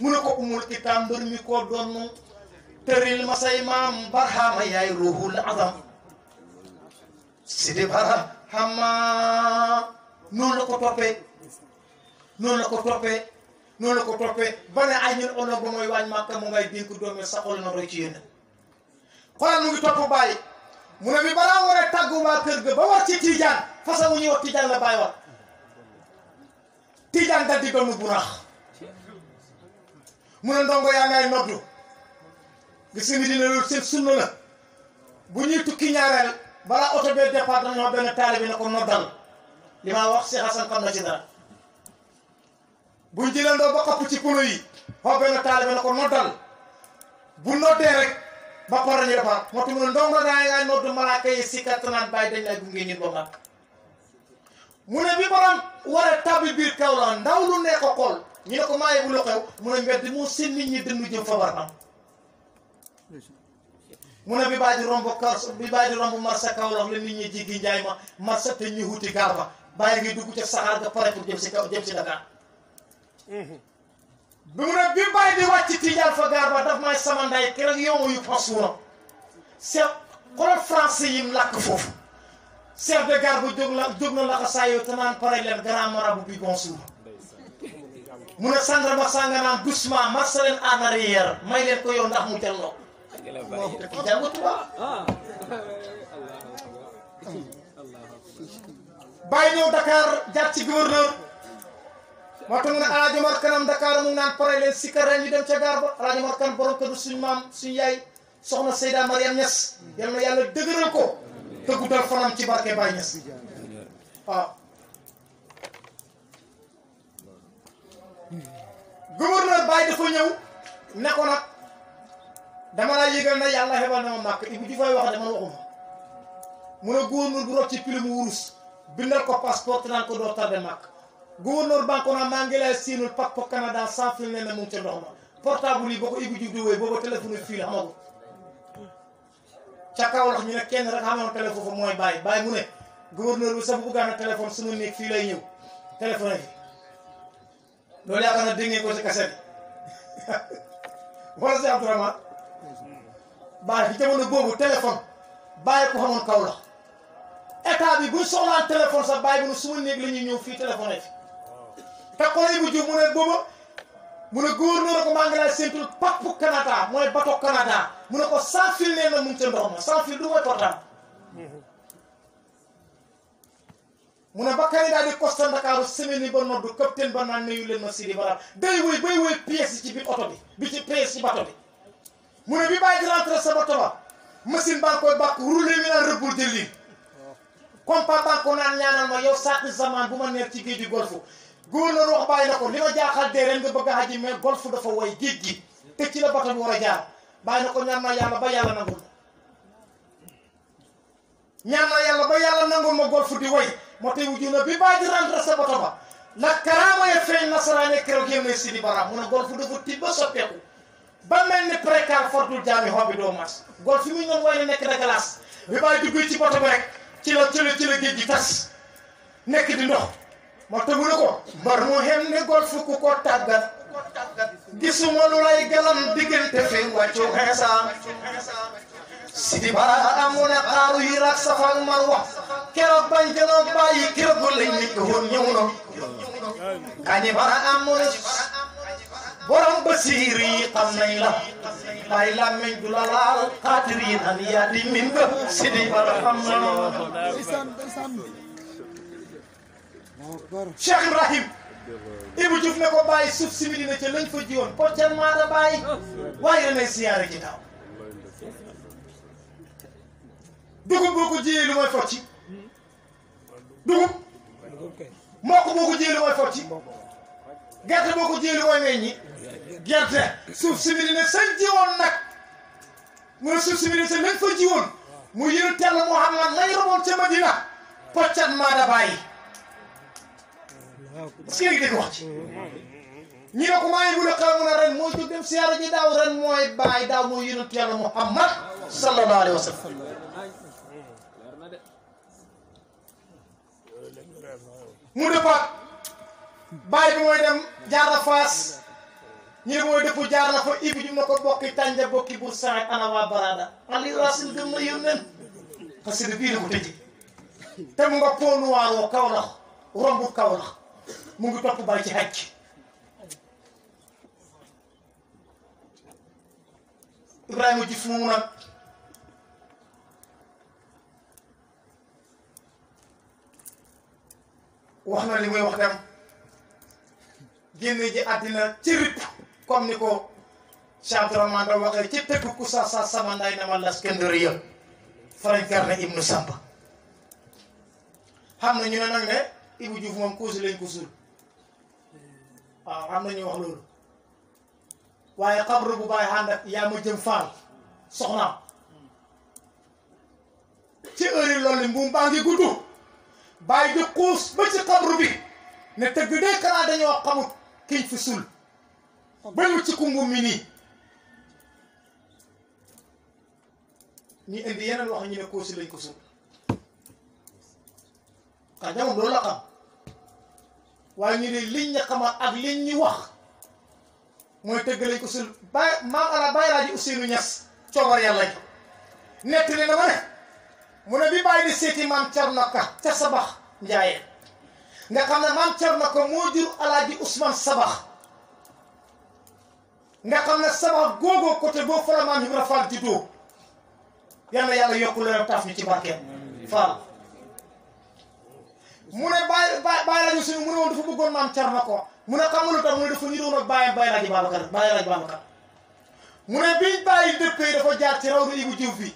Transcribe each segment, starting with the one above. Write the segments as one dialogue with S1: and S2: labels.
S1: mu ne ko umul kitaab mbër mi koo doon tëril ma say maam barhama yaay ruuhul azam sidi barhama noonu la noonu la ko toppee noonu la ko toppee ba ay ñun ono ba mooy waañ màkka mu ngay dénk doom yi saxol na roy ci yéen xoolal mu topp bàyyi mu ne balaa war a tàggu waa kër ga ba war ci tijaan façon wu ñuy wax la bàyyi wax tijaan dal di doonu bu rax mu ne ndongo yaa ngay noddu gis nga ni dina loolu seen sunna la bu ñuy tukki ñaareel balaa oto bee départ dañoo benn taale bi ne ko noddal li ma wax si Xasan xam na ci dara buñ jëlandoo ba xapp ci pono yi xoo benn taale bi ko noddal bu noddee rek ba pare ñu départ moo tax mu ne ndongo yaa ngay noddu malaaka yi si kattanaan bàyyi dañ lay gunge ñun ba mu ne bi borom war a tàbbi biir kaw la ndaw lu nekk xool ñu ne ko maaye bu la xew mu ne mbedd moo seen nit ñi dëndu jëm fa war am mu ne bi baa ji romb kars bi baa ji romb marsa kawlax la nit ñi jigi njaay ma marsa te ñuy wuti gaar ba bàyyi dugg ca saxaar ga pare pour jëm si kaw jëm si Dakar bi mu ne bi bàyyi di wàcc tijaan fa gaar ba daf maay sama nday keroog yow yu pas wuram seet xoolal français yim làkk foofu chef de gare bu jóg la jóg na laxa saa yoo te naan pare leen grand marabout bi bonjour muna ne sangara ma sanga naan doucement marche leen ko yon dah mu delloo. Dakar jaar ci gouverneur. moo tax mu Dakar mu ngi naan pare leen sikara ñu dem ca gaar ba alaaji Mar kan borom kër suñu maam suñu yaay soxna Seyda Mariam Niass ko fanam ci barke gouverneur Baye dafa ñëw ne ko nag dama la yëgal na yàlla xebal na ma màkk Ibou Diouf ay wax dama waxuma mu ne gouverneur bu rot ci pilimu wurus bindal ko passeport naan ko doo tardé màkk gouverneur maa ngi lay siinul pak pak Canada sans fil ne na mu ngi portable yi boo ko Ibou Diouf di wooye booba téléphone fii la xamagu ca kaw ñu ne kenn rek xamoon téléphone fa mooy Baye Baye mu ne gouverneur bi sax bu bëggaan a téléphone fii lay ñëw téléphone fi loolu yaakaar naa dégg ngeen ko ci kaset bi wala si Abdourahmane bàyyi fi jamono boobu téléphone bàyyi ko xamoon kaw la état bi buñ soxlaan téléphone sax bàyyi bu nu suma néeg la ñuy ñëw fii téléphoné fi te koy bu jub mu ne booba mu ne gouverneur ko maa ngi lay séntul papp Canada mooy bato Canada mu ne ko sans fil nee na mu ngi ca ndox fil du mooy portable mu ne ba Canada di Costa Ndakaaru semaine yi ba noddu capitaine ba naan nayu leen ma Sidi Bara wëy bay wëy pièce ci biir oto bi bi ci pièce ci bato bi mu ne bi bàyyi di rentré sa bato ba machine baa bàkk roulé mi naan rëbbul jëliin comme papa ko naan ñaanal ma yow saati zaman bu ma neer ci géej gi golfu gouverneur wax bàyyi na ko li ma jaaxal dee ren nga bëgg a aji mais golfu dafa woy géej gi te ci la bato bi war a jaar bàyyi na ko ñaan yàlla ba yàlla ma ñaan naa motewi juuna bi baaji rentre sa bota ba la karaama ya feeñ nasaraane keroog yémmee sidi bara mu ne gol fu dafa tibba soppeeku ba mel ni précar fortul jaami xobbi doo mas gol fi noonu way nekk da glace bi bàyyi dugg ci bota ba rek ci la ci la ci la géej gi tas nekk di ndox moo tëgu ne ko mbar mu xem ne gol fu ku ko tàggat gisuma lu lay galam diggante fi wàccu xeesa sidi barak amoon na xaaru yi raak safa ak marwa keroog bañ keroog bàyyi keroog lañ nekk woon ñëw na kañi barak amoon na borom basiir yi xam nañ la bàyyi laal xaatir yi yaa di min ba sidi barak xam na a Ibrahim Ibu Diouf ne ko bàyyi suuf si mi dina dugub boo ko jiyee lu mooy focci dugub mokk boo ko jiyee lu mooy focci gerte boo ko jiyee lu mooy meññi gerte suuf si mii ne jiwoon nag mu suuf si mii ne sañ fa jiwoon mu yëngu tell moo xam lan lay roboon ca Madina poccat maa bàyyi parce que yéen dégg wax ci ñi ne ko maa ngi bëgg a mun a ren mooy jóg dem siyaara ji daaw ren mooy bàyyi daaw mooy yëngu tell Muhammad sallallahu alayhi wa sallam mu dëppaat bàyyi bi mooy dem jaar na faas mooy dëpp jaar na fa ibi jum na ko bokki tànja bokki bur saxet ana waa baraada ali rasil gëm na yónneen xasida bii la ko tëji te mu nga poonuwaaroo Kawlax rombu Kawlax mu ngi topp bàyyi ci xaj Ibrahima ji fu mu nag wax na li muy wax dem génn ji àddina ci rip comme ni ko Abdourahmane da waxee ci tëgg ku sa sa sama nday na ma las kendëri yëpp farañkar ne ibnu samba xam na ñu ne nag ne Ibou Diouf moom kuusi lañ ko suul waaw xam nañu wax loolu waaye xabru bu bàyyi ànd yaa ma faal soxnaam ci heure loolu mbuum baa ngi gudd bàyyi di xuus ba ci xabru bi ne tëgg dee kanaa dañoo xamut kiñ fi sul bañu ci kungum mi nii ñu indi yeneen wax ñu ne kóosi lañ ko sul xar jamono loolu la xam waaye ñu ne liñ ñu xamal ak liñ ñu wax mooy tëgg lañ ko sul bàyyi maam ala bàyyi laa ji Ousseynou Niass coobar yàlla ñu na ma mu ne bi bàyyi di seeti maam Thierno Ka ca Sabax Ndiaye nga xam ne maam Thierno Ka moo jur alaaji Ousmane Sabax nga xam ne Sabax googoo côté boo faral maam Ibra Fall juddoo yal na yàlla yokk leen taaf ñu ci barkeem Fall mu a bàyyi bàyyi laaji suñu mu ne woon dafa bëggoon Ka mu ne xamul tax mu bàyyi bàyyi laaji dafa jaar ci raw na ibu jiw fii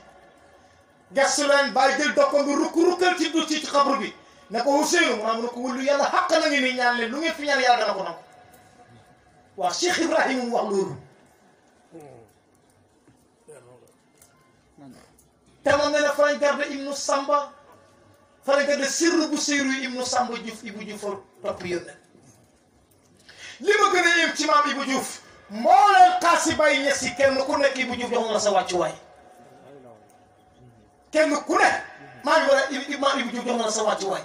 S1: gestu leen bàyyi jël doppam bi rukk rukkal ci du ci xabru bi ne ko Ousseynou mu ne ko wullu yàlla xàq na ngi nii ñaan leen lu ngeen fi ñaan yàlla dana ko nangu waaw Cheikh Ibrahima mu wax loolu te moom ne garde ibnu Samba fa garde sirru bu sirru ibnu Samba Diouf Ibou Diouf fa topp yónne li ma gën a yëm ci moo leen xaasi bàyyi ñes yi kenn ku nekk Ibou Diouf joxoon la sa wàccuwaay kenn ku ne maa ngi war a ibi maa ibi jox na sa wàccuwaay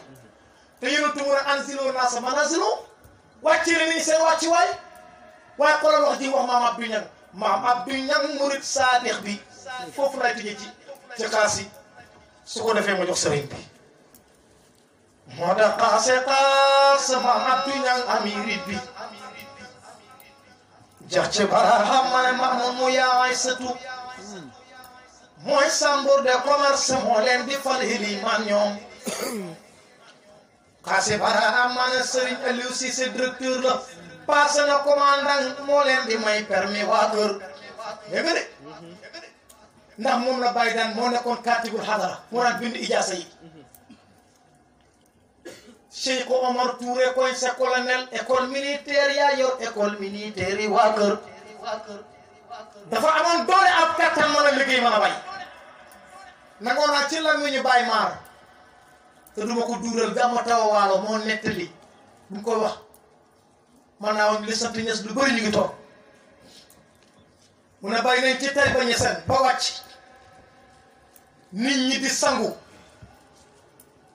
S1: te yonent mu ne anziluu naasa manaazilahum wàccee na ni seen wàccuwaay waaye xoolal wax ji wax maam Abdou Niang maam Abdou Niang murit saadex bi foofu lay tëjee ci ci xaas yi su ko defee ma jox sëriñ bi. moo tax xaase mooy chambre de commerce moo leen di fal hiliman ñoom xaasi bara am maana Serigne Aliou Cissé directeur la passé na commandant moo leen di may permis waa kër dégg nga de ndax moom la bàyyi daan moo nekkoon moo daan bind ijaasa yi Cheikh Omar Touré koy sa colonel école militaire yaa yor école yi waa dafa amoon doole ab kattan mën a liggéey mën a bay na ngono acela miwinyo bay mar toduma ko dural gamo tawa walo mo netali dum koy wax manaw ngi sant ñes lu bari ñu ngi tok mu na bay nañ ci tari ba ñesan ba wacc nit ñi di sangu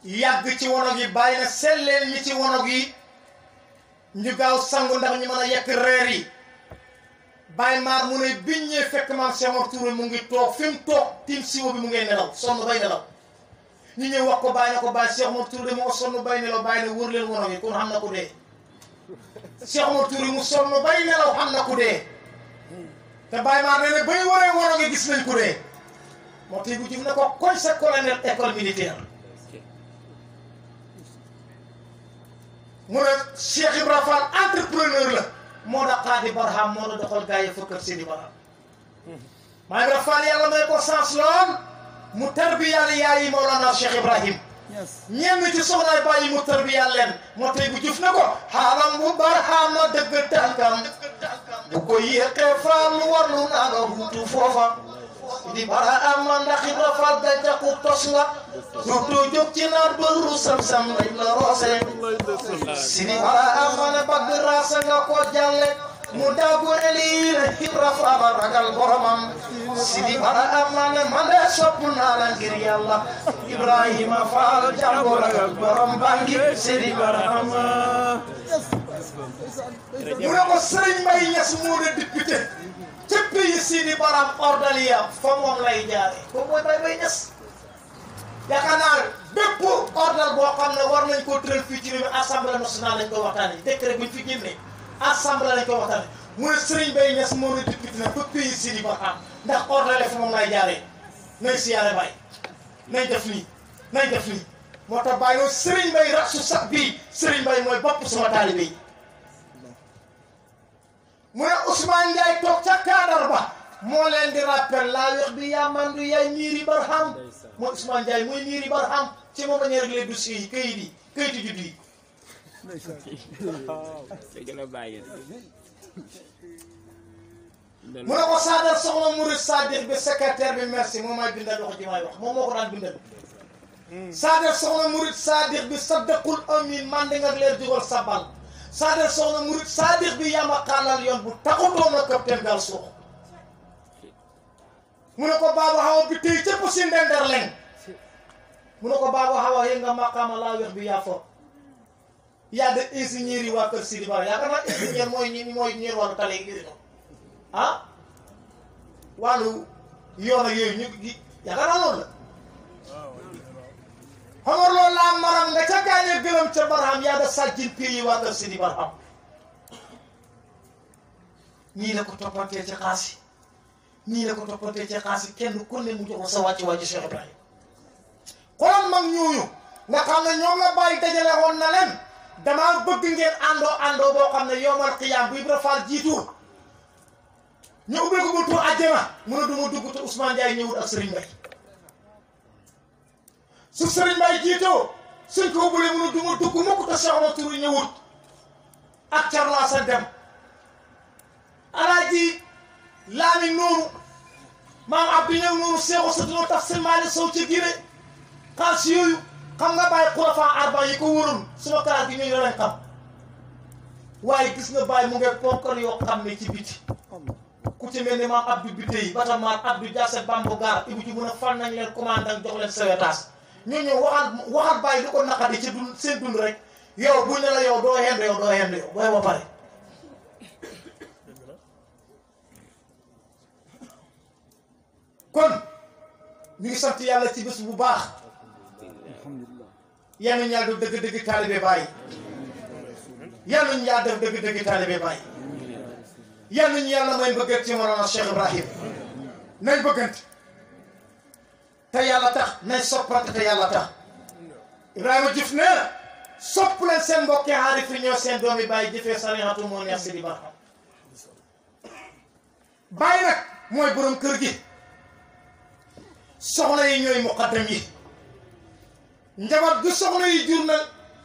S1: yag ci wono gi bayina selel ñi ci wono gi ñu gaaw sangu ndax ñi mëna yek reer yi Baye Maar mu ne biñ ñee fekk maam Cheikh Omar Touré mu ngi toog fi mu toog tim siwo bi mu ngay nelaw sonn bay nelaw ñu ñëw wax ko Baye na ko Baye Cheikh Omar Touré moo sonn bay nelaw Baye ne wër leen wono yi kon xam na ku dee Cheikh Omar Touré mu sonn bay nelaw xam na ko dee te Baye Maar ne ne bay waree wono nga gis nañ ku dee moo tey bu jub ko koy sa colonel école militaire mu ne Cheikh Ibrahima Fall entrepreneur la moo la xaati barham moo la doxal gaa yi fëkkër seeni barham maa ngi faal yàlla may ko sens lool mu tarbiyal yaayi Mawlana Cheikh Ibrahim ñenn ci soxnaay bàyyi mu tarbiyal leen moo tey bu juf na ko xaalam bu barhama dëgg tànkam bu ko yéexee faal warlu naa nga wutu foofa di bara ma ndax Ibra Fall da jàkku tos nga surtout jóg ci naar ba ru sam-sam dañ la roose si di bara am ne bagg raasa nga ko jàlle mu daagu eliir Ibra a ragal boromam si di bara am ne man ragal borom bangi si di bara am ca pays Sidi Baram Ordalia fa moom lay jaare ko mooy bay bay ñes yaakaar bépp ordre boo xam ne war nañ koo tëral fii ci réew mi assemblée nationale lañ ko waxtaane décret buñ fi génne assemblée lañ ko waxtaane mu ne Serigne Baye Niass moo ne député na ba pays Sidi Baram ndax ordre fa moom lay jaaree nañ si yàlla bàyyi nañ def lii nañ def lii moo tax bàyyi noonu Serigne Baye rasu sax bii Serigne Baye mooy bopp sama taalibe yi mu ne Ousmane toog ca kaadar ba moo leen di rappel laa bi yaa mandu yaay ñiiri barham mooy Ousmane Ndiaye mooy ñiiri barham ci moom la ñuy réglé dossiers yi kayit yi kayitu yi. mu ne ko Sadar soxna Mourid Sadikh bi secrétaire bi merci moom maay bindal wax ji maay wax moom moo ko daan bindal. Sadar soxna Mourid Sadikh bi saddaqul amin man di nga leer jugal sabal. Saadix na murid Saadix bi yama ma xàllal bu bu do na ko gal dal so ne ko baba hawa bi tey cëpp si ndender len mu ko baba hawa nga la bi for ya de ingénieur yi waa Sidi ba ya kana ingénieur moy ni moy ni tale ah walu, yoon ak yooyu ñu ya kana non lam maram nga ne gelam cha barham yaada pi wa da sidi barham ni la ko topante ci khasi ni la ko topante ci khasi kenn ku ne mu jox sa wati wàcc Cheikh ibrahim xoolal mak ñooñu nga xam na ñoom la bàyyi dajale won na len dama bëgg ngeen ando ando bo xamne ne qiyam bu Ibra Faal jitu ñu ubbe ko tu àjjana mu na du dugg te Ousmane Ndiaye ñëwul ak Serigne su sëriñ Baay jiitoo suñ ko bulee mënu duma dugg mukk te Cheikh na turu ñëwut ak carlaa sa dem alaaji laami noonu maam abdu ñëw noonu seexu sa dina tax seen maali sow ci gire xaalis yooyu xam nga bàyyi xurafaa arba yi ko wóoroon suma kalaas gi ñu lañ xam waaye gis nga bàyyi mu ngi ponkal yoo xam ne ci biti ku ci mel ni maam abdu bité yi bata maam abdu jaase bambu gaar ibu ci mun a fan nañ leen commande jox leen sewetaas ñu ñëw waxal waxal bàyyi li ko naqari ci dund seen dund rek yow buñ ne la yow doo xend yow doo xend yow booy ba pare. kon ñu ngi sant yàlla ci bés bu baax yal nañu yàlla def dëgg-dëgg taalibe bàyyi yal nañu yàlla def dëgg-dëgg taalibe bàyyi yal nañu yàlla may bëggat ci Mawlana Cheikh Ibrahim nañ bëggante. te yàlla tax nañ soppante te yàlla tax Ibrahima Diouf nee na sopp leen seen mbokki xaarif yi ñoo seen doomi bàyyi jëfee sarihatu moo neex si di barxam bàyyi nag mooy borom kër gi soxna yi ñooy muqaddam yi njaboot gu soxna yi jur na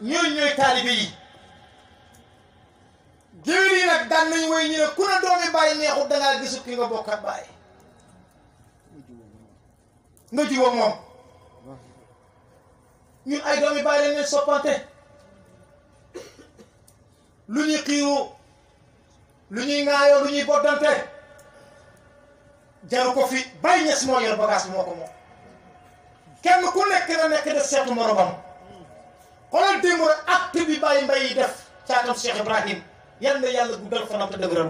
S1: ñooy ñooy taalibe yi géwél yi nag daan nañ woy ñu ne ku ne doomi bàyyi neexut dangaa gisu ki nga bokkat bàyyi nga jiwoon moom ñun ay doomi bàyyi lañ leen lu ñuy xiiru lu ñuy ŋaayoo lu ñuy boddante jaru ko fi bàyyi ñes moo yor bagage bi moo ko moom kenn ku nekk na nekk def seetu moromam xoolal démb rek acte bi bàyyi mbay yi def caatam Cheikh Ibrahim yal na yàlla guddal fanam te dëgëral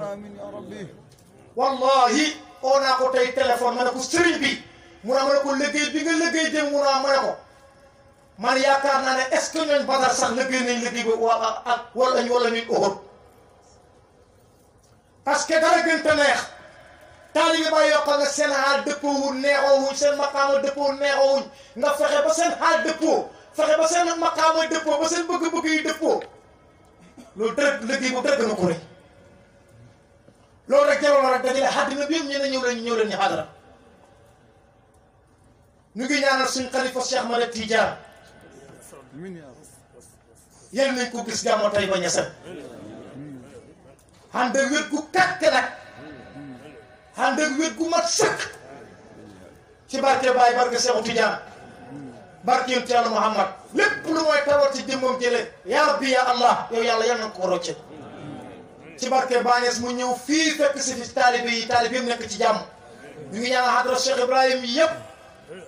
S1: wallahi oo naa ko tey téléphone ma ne ko sëriñ bi mun a ma ko liggéey bi nga liggéey jëm mun a ma ko man yaakaar naa ne est-ce que ñooñ Badar sax liggéey nañ liggéey ba waa ak wala ñu wala ñuy Uhud parce que dara gën te neex taalibe ba yoo xam ne seen xaal dëppoowuñ neexoowuñ seen maqaama dëppoo neexoowuñ nga fexe ba seen xaal dëppoo fexe ba seen maqaama dëppoo ba seen bëgg-bëgg yi dëppoo loolu dëgg liggéey boobu dëgg na ko rek loolu rek jaroon na bi yëpp ñu ñëw leen ñu ngi ñaanal suñ xalifa Cheikh Ahmada Tidiane yéen nañ ko gis gàmmo tay ba ñesal ànd ak gu kàkke nag ànd ak wét gu mat sëkk ci barke Baye barke Cheikh Tidiane barke yun ci Yàlla Muhammad lépp lu mooy tawat ci jëmmam jële yaa rabbi ya allah yow yàlla yan nañ ko rocce ci barke Bañes mu ñëw fii fekk si fi taalibe yi nekk ci jàmm ñu ngi ñaanal xadra Cheikh Ibrahim yëpp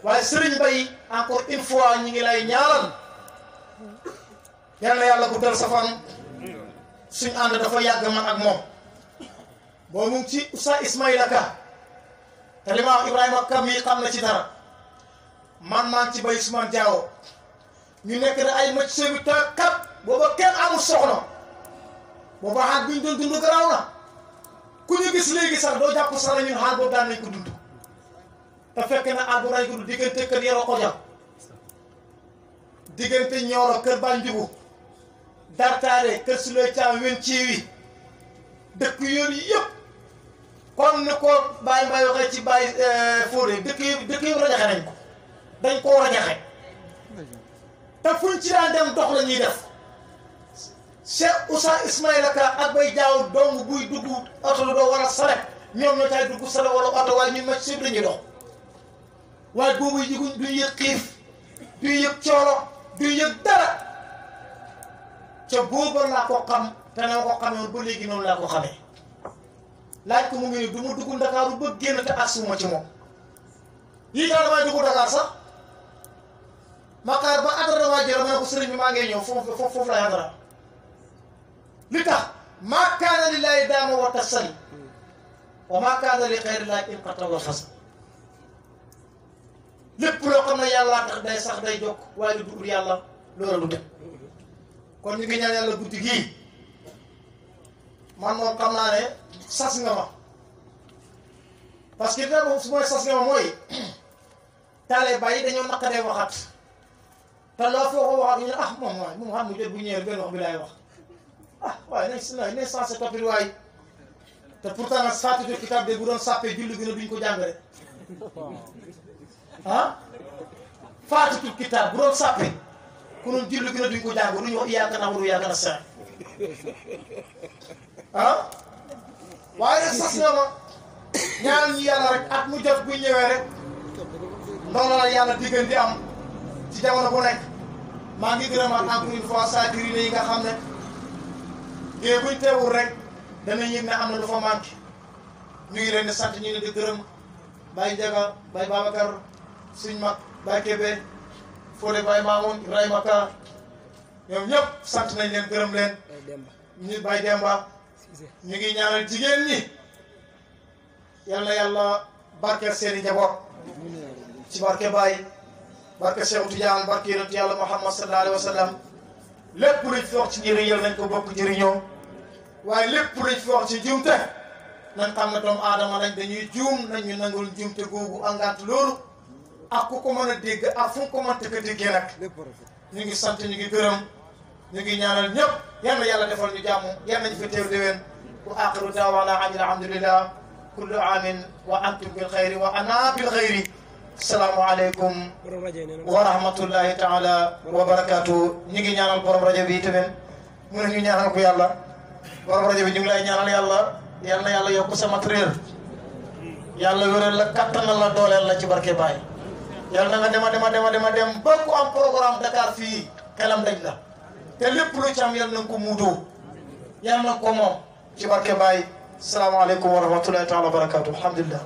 S1: waaye sëriñ bay encore une fois ñu ngi lay ñaanal yal na yàlla guddal sa fan suñ ànd dafa yàgg man ak moom boo mu ci Oustaz Ismaïla Ka te li ma wax Ibrahima mii xam na ci dara man maa ci bay Ousmane Diawo ñu nekk da ay maj sebi ta kat booba kenn amul soxna booba xaat bi ñu doon dund garaaw na ku ñu gis léegi sax doo jàpp sax na ñun xaal boobu daan nañ te fekk na àggu ray gudu diggante kër yaroo ko jam diggante ñooro kër banjubu dartaare kër suley caam wen ciiwi dëkk yooyu yëpp kon ni ko bàyyi mbay waxee ci bàyyi eh, fóode dëkk yëpp dëkk yëpp rajaxe nañ ko dañ koo rajaxe te fuñ ci daan dem dox la ñuy def Cheikh Oussa Ismaïla Ka ak bay jaaw dong buy dugg oto la doo war a saret ñoom ñoo caay dugg saret wala oto waaye ñun ma sib la ñuy dox waaye boobu yëguñ duñ yëg xiif duñ yëg cooro duñ yëg dara ca booba laa ko xam te na ma ko xamewoon ba léegi noonu laa ko xamee laaj ko mu ngi du ma dugg Ndakaaru ba génn te aksuma ci moom yii daal damay dugg Dakar sax makaar ba adara waa jëla ma ne ko sëriñ maa ngi ñëw foofu foofu foofu lay li tax maa kaana lillaahi daama wa tasali wa maa kaana li xayri laahi in qatawal xasa lépp loo xam ne yàllaa tax day sax day jokk waaye lu dugul yàlla loola du kon ñu ngi ñaan yàlla guddi gii man moom xam naa sas nga ma parce que li nga mooy sas nga ma mooy taaliba yi dañoo naqadee waxat te loo foo ko waxat ñu ne ah moom waay moom xam mu jot bu ñëwee benn wax bi laay wax ah waaye nañ si nañ sensé toppit waay te pourtant nag saatu jot kitaab de bu doon sàppee julli gën a duñ ko jàng rek ah faatitul kitaab bu doon sàppe ku doon julli gi na duñ ko jàng duñu wax iyyaaka na'budu iyyaaka nasta'iin ah waaye rek sas na ma ñaan ñu rek at mu jot buy ñëwee rek ndono la yàlla diggan di am ci jamono bu nekk maa ngi gërëmaat encore une fois saakiriin yi nga xam ne dée buñ teewul rek danañ yëg ne am na lu fa manqué ñu ngi leen di ñu ngi leen di gërëm Baye Ndiaga Baye Babacar suñ mag Baye Kébé Fodé Baye Mamoun Ibrahima Ka ñoom ñëpp sant nañ leen gërëm leen ñu Baye Demba ñu ngi ñaanal jigéen ñi yal na yàlla barkeel seen i njaboot ci barke Baye barke Cheikh Tidiane barke yonent yàlla Muhammad sallallahu alayhi wa sallam lépp luñ fi wax ci njëriñ yal nañ ko bokk jëriñoo waaye lépp luñ fi wax ci juumte nañ xam ne doomu aadama lañ dañuy juum nañ ñu nangul juumte googu àngaat loolu ak ku ko mën a dégg ak fu ko mën tëkk déggee nag ñu ngi sant ñu ngi gërëm ñu ngi ñaanal ñëpp yal na yàlla defal ñu jàmm yal nañu fi teew déwén bu aaxiru daawaana alhamdulillah kullu aamin wa antum bil xayri wa ana bil xayri salaamu aleykum wa rahmatullahi taala wa barakaatu ñu ngi ñaanal borom rajo bi tamit mu ne ñu ñaanal ko yàlla borom rajo bi ñu ngi lay ñaanal yàlla yal na yàlla yokk sa matériel yàlla wéral la kattanal la dooleel la ci barke Baay yàlla na nga dema dema dema dema dem ba ku am programme Dakar fii xelam daj la te lépp lu ci am yàlla na nga ko muutu yàlla na ko moom ci barke Baay salaamaaleykum wa rahmatullahi taala wa barakaatu alhamdulilah